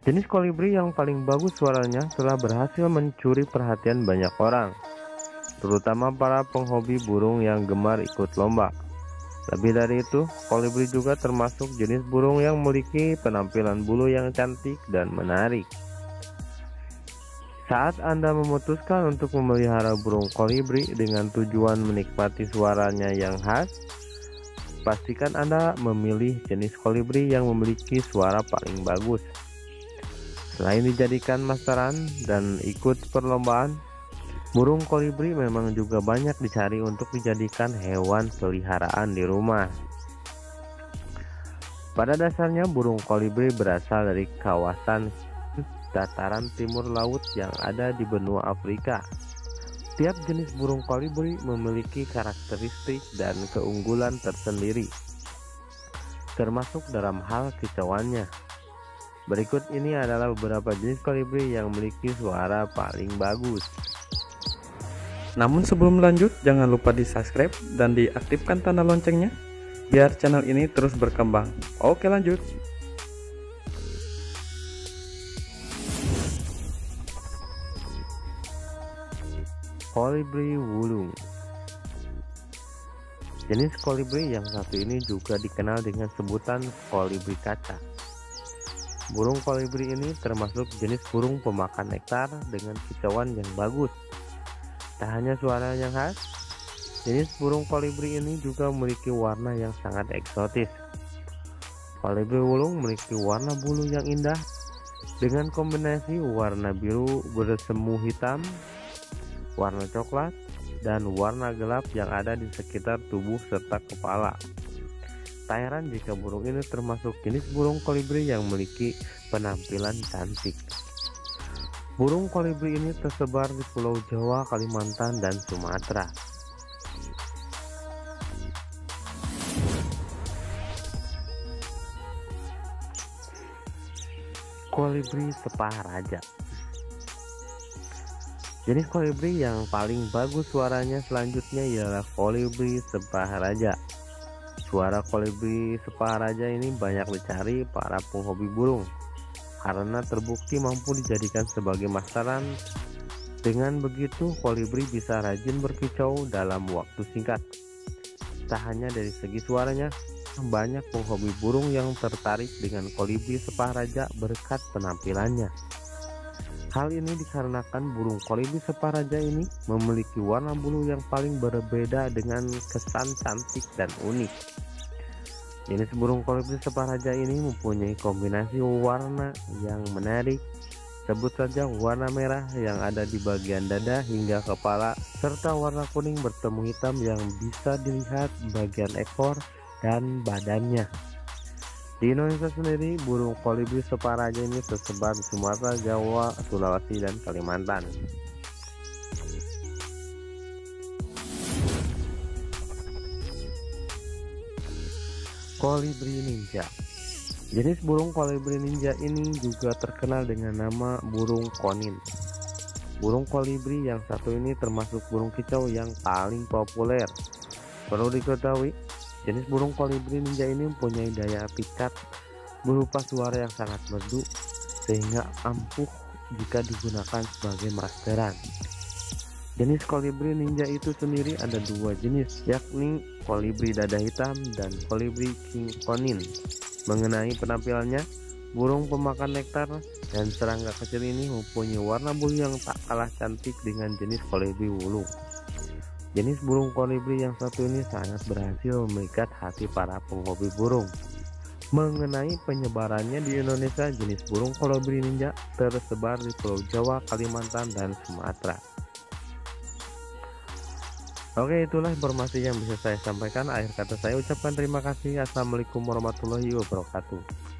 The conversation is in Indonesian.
Jenis kolibri yang paling bagus suaranya telah berhasil mencuri perhatian banyak orang, terutama para penghobi burung yang gemar ikut lomba. Lebih dari itu, kolibri juga termasuk jenis burung yang memiliki penampilan bulu yang cantik dan menarik. Saat Anda memutuskan untuk memelihara burung kolibri dengan tujuan menikmati suaranya yang khas, pastikan Anda memilih jenis kolibri yang memiliki suara paling bagus. Selain dijadikan masteran dan ikut perlombaan, burung kolibri memang juga banyak dicari untuk dijadikan hewan peliharaan di rumah. Pada dasarnya burung kolibri berasal dari kawasan dataran timur laut yang ada di benua Afrika. Setiap jenis burung kolibri memiliki karakteristik dan keunggulan tersendiri, termasuk dalam hal kicauannya. Berikut ini adalah beberapa jenis kolibri yang memiliki suara paling bagus. Namun sebelum lanjut, jangan lupa di subscribe dan diaktifkan tanda loncengnya, biar channel ini terus berkembang. Oke lanjut. Kolibri wulung Jenis kolibri yang satu ini juga dikenal dengan sebutan kolibri kaca Burung kolibri ini termasuk jenis burung pemakan nektar dengan kicauan yang bagus. Tak hanya suara yang khas, jenis burung kolibri ini juga memiliki warna yang sangat eksotis. Kolibri wulung memiliki warna bulu yang indah dengan kombinasi warna biru bersemu hitam, warna coklat, dan warna gelap yang ada di sekitar tubuh serta kepala. Tak heran jika burung ini termasuk jenis burung kolibri yang memiliki penampilan cantik. Burung kolibri ini tersebar di Pulau Jawa, Kalimantan, dan Sumatera. Kolibri Sepah Raja Jenis kolibri yang paling bagus suaranya selanjutnya ialah kolibri Sepah Raja Suara kolibri raja ini banyak dicari para penghobi burung karena terbukti mampu dijadikan sebagai masaran. Dengan begitu, kolibri bisa rajin berkicau dalam waktu singkat. Tak hanya dari segi suaranya, banyak penghobi burung yang tertarik dengan kolibri raja berkat penampilannya. Hal ini dikarenakan burung kolibri separaja ini memiliki warna bulu yang paling berbeda dengan kesan cantik dan unik. Jenis burung kolibri separaja ini mempunyai kombinasi warna yang menarik. Sebut saja warna merah yang ada di bagian dada hingga kepala serta warna kuning bertemu hitam yang bisa dilihat bagian ekor dan badannya. Di Indonesia sendiri, burung kolibri separaja ini tersebar di Sumatera, Jawa, Sulawesi, dan Kalimantan. Kolibri ninja Jenis burung kolibri ninja ini juga terkenal dengan nama burung konin. Burung kolibri yang satu ini termasuk burung kicau yang paling populer. Perlu diketahui, Jenis burung kolibri ninja ini mempunyai daya pikat berupa suara yang sangat merdu sehingga ampuh jika digunakan sebagai maskeran. Jenis kolibri ninja itu sendiri ada dua jenis, yakni kolibri dada hitam dan kolibri king konin. Mengenai penampilannya, burung pemakan nektar dan serangga kecil ini mempunyai warna bulu yang tak kalah cantik dengan jenis kolibri wulung. Jenis burung kolibri yang satu ini sangat berhasil memikat hati para penghobi burung. Mengenai penyebarannya di Indonesia, jenis burung kolibri ninja tersebar di Pulau Jawa, Kalimantan, dan Sumatera. Oke, itulah informasi yang bisa saya sampaikan. Akhir kata saya ucapkan terima kasih. Assalamualaikum warahmatullahi wabarakatuh.